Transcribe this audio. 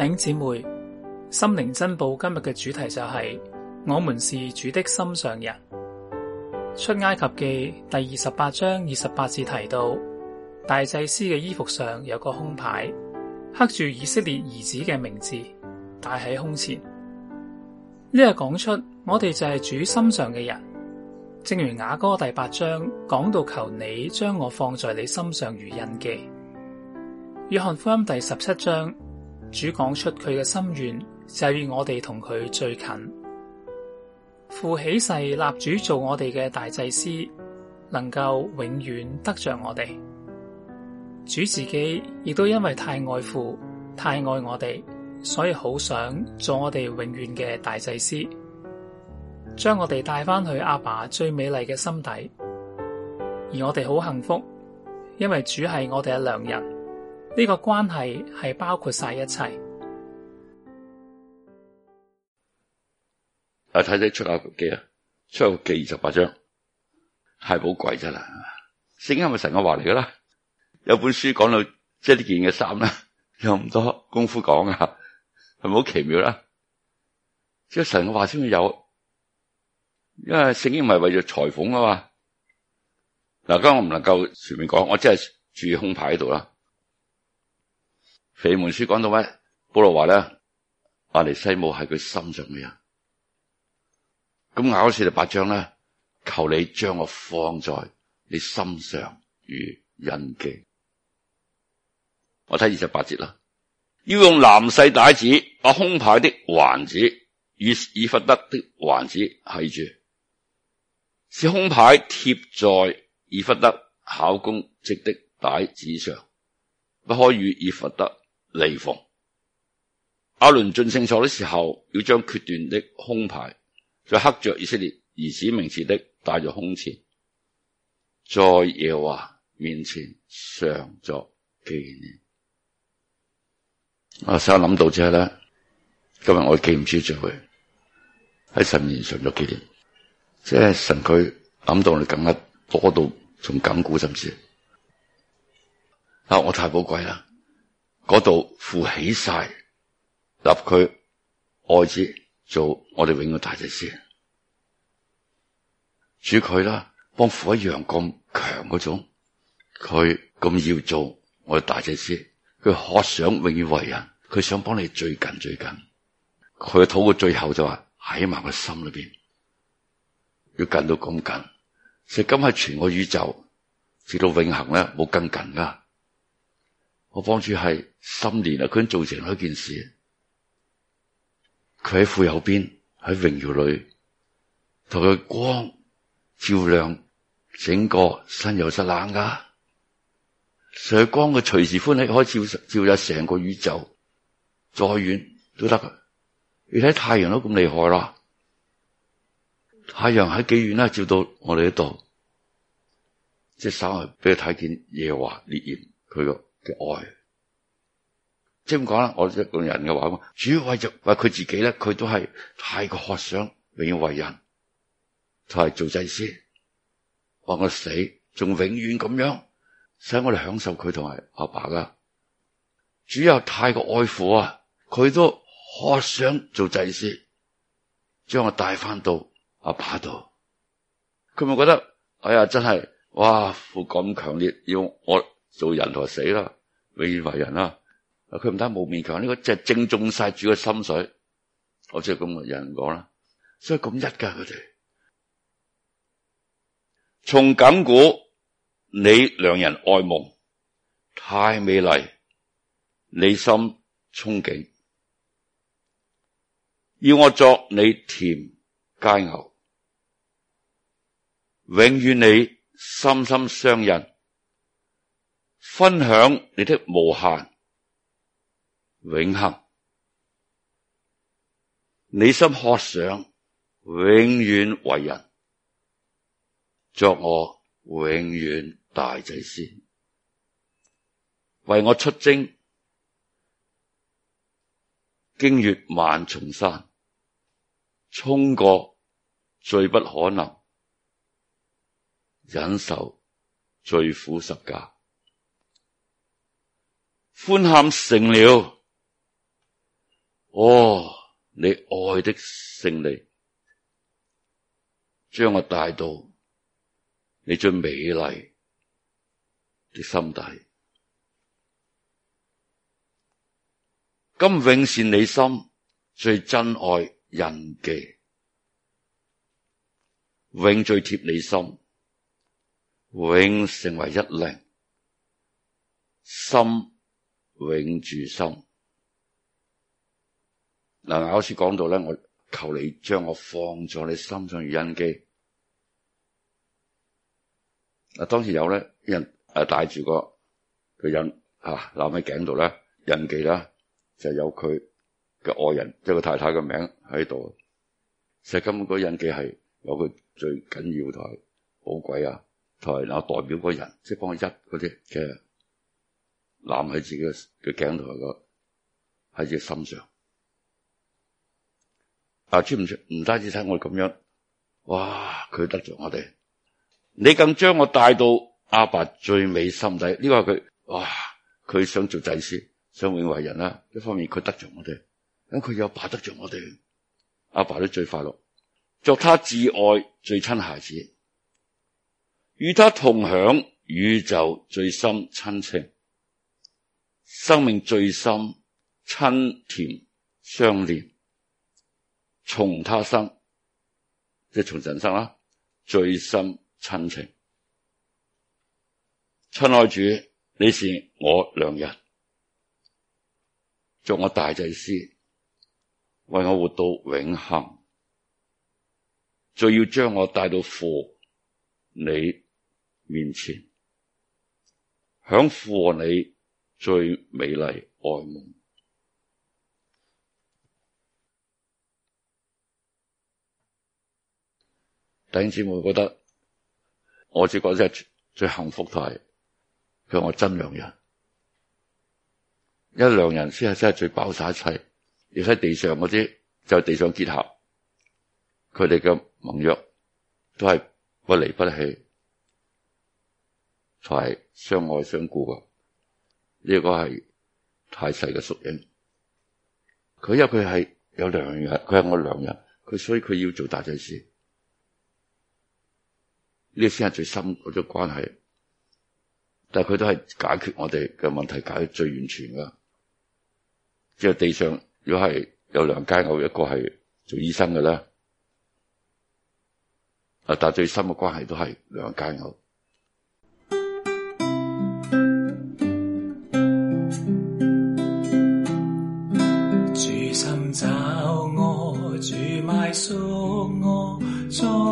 頂姐妹，心靈珍寶，今日嘅主題就係、是、我們是主的心上人。出埃及記第二十八章二十八字提到，大祭司嘅衣服上有個胸牌，刻住以色列兒子嘅名字，戴喺胸前。呢、這、日、個、講出我哋就係主心上嘅人。正如雅歌第八章講到，求你將我放在你心上如印記。約翰福音第十七章。主講出佢嘅心願，就使、是、我哋同佢最近。父起誓立主做我哋嘅大祭司，能夠永遠得着我哋。主自己亦都因為太愛父，太愛我哋，所以好想做我哋永遠嘅大祭司，將我哋帶翻去阿爸最美麗嘅心底。而我哋好幸福，因為主係我哋嘅良人。呢個關係係包括晒一切。睇睇，出下個記啊，出個記二十八章係好貴啫啦。聖經係神嘅話嚟噶啦，有本書講到即係呢件嘅衫啦，有咁多功夫講啊，係咪好奇妙啦？即係神嘅話先會有，因為聖經唔係為咗裁縫啊嘛。嗱，今日我唔能夠全面講，我只係住胸牌喺度啦。《腓門書講》講到咩？保羅話咧，亞尼西姆係佢心上嘅人。咁雅歌書八章啦，求你將我放在你心上如印記。我睇二十八節啦，要用藍細帶子把胸牌的環子與以弗得的環子繫住，使胸牌貼在以弗得巧工織的帶子上，不可與以弗得。利逢阿倫進聖所嘅時候，要將決斷的胸牌再刻着以色列兒子名字的，帶著胸前，在耶和華面前常作紀念。我稍諗到之後咧，今日我記唔住聚佢。喺神面前常作紀念，即係神佢諗到你更加多到仲鞏固，甚至啊，我太寶貴啦。嗰度扶起晒，立佢愛子做我哋永遠大祭司，主佢啦，幫火一樣咁強嗰種，佢咁要做我哋大祭司，佢可想永遠為人，佢想幫你最近最近，佢嘅到最後就話喺埋個心裏邊，要近到咁近，實今係全個宇宙直到永恒咧冇更近噶。我幫助係心連啊，佢做成一件事。佢喺富有邊，喺榮耀裏，同佢光照亮整個身又濕冷噶、啊。射光佢隨時歡喜可以照照一成個宇宙，再遠都得。你睇太陽都咁厲害啦，太陽喺幾遠啦，照到我哋呢度，即係稍為俾佢睇見耶華烈焰佢個。嘅愛，即係咁講啦。我一個人嘅話，主要為着為佢自己咧，佢都係太過渴想，永遠為人，就係做祭司，話我死仲永遠咁樣，使我哋享受佢同埋阿爸啦。主要太過愛父啊，佢都渴想做祭司，將我帶翻到阿爸度，佢咪覺得哎呀真係哇，父咁強烈，要我。做人同死啦，永遠為人啦。佢唔得冇勉強呢個，即係正中晒主嘅心水。我即係咁有人講啦，所以咁一噶佢哋。從緊古，你兩人愛慕太美麗，你心憧憬，要我作你甜佳偶，永遠你心心相印。分享你的無限永恆，你心渴想，永遠為人作我永遠大祭司，為我出征，經越萬重山，衝過最不可能，忍受最苦十架。歡喊成了哦！你愛的勝利將我帶到你最美麗的心底，金永是你心最真愛印記，永最貼你心，永成為一零心。永住心嗱，好似講到咧，我求你將我放咗你心上如印記嗱，當時有咧人誒帶住個個印吓攬喺頸度咧，印記啦就是，有佢嘅愛人即係個太太嘅名喺度，所以根本嗰印記係有佢最緊要就係好貴啊係，我、啊、代表個人即係幫一嗰啲嘅。攬喺自己嘅頸度，個喺自己心上。阿朱唔唔單止睇我哋咁樣，哇！佢得着我哋，你更將我帶到阿爸，爸最美心底。呢、這個係佢，哇！佢想做祭司，想永為人啦。一方面佢得着我哋，咁佢又爸得着我哋。阿爸都最快樂，作他至愛最親孩子，與他同享宇宙最深親情。親生命最深親甜相連，從他生，即係從神生啦。最深親情，親愛主，你是我良人，做我大祭司，為我活到永恒，就要將我帶到父你面前，享父和你。最美麗愛夢，弟兄姊妹覺得我只覺得最幸福就係佢我真良人，一為良人先係真係最包晒一切，而喺地上嗰啲就係地上結合，佢哋嘅盟約都係不離不棄，才係相愛相顧啊！呢個係太細嘅縮影，佢因為佢係有良人，佢係我良人，佢所以佢要做大祭司。呢個先係最深嗰種關係，但係佢都係解決我哋嘅問題，解決最完全噶即係地上，如果係有兩佳偶，一個係做醫生嘅咧，啊但最深嘅關係都係兩佳偶。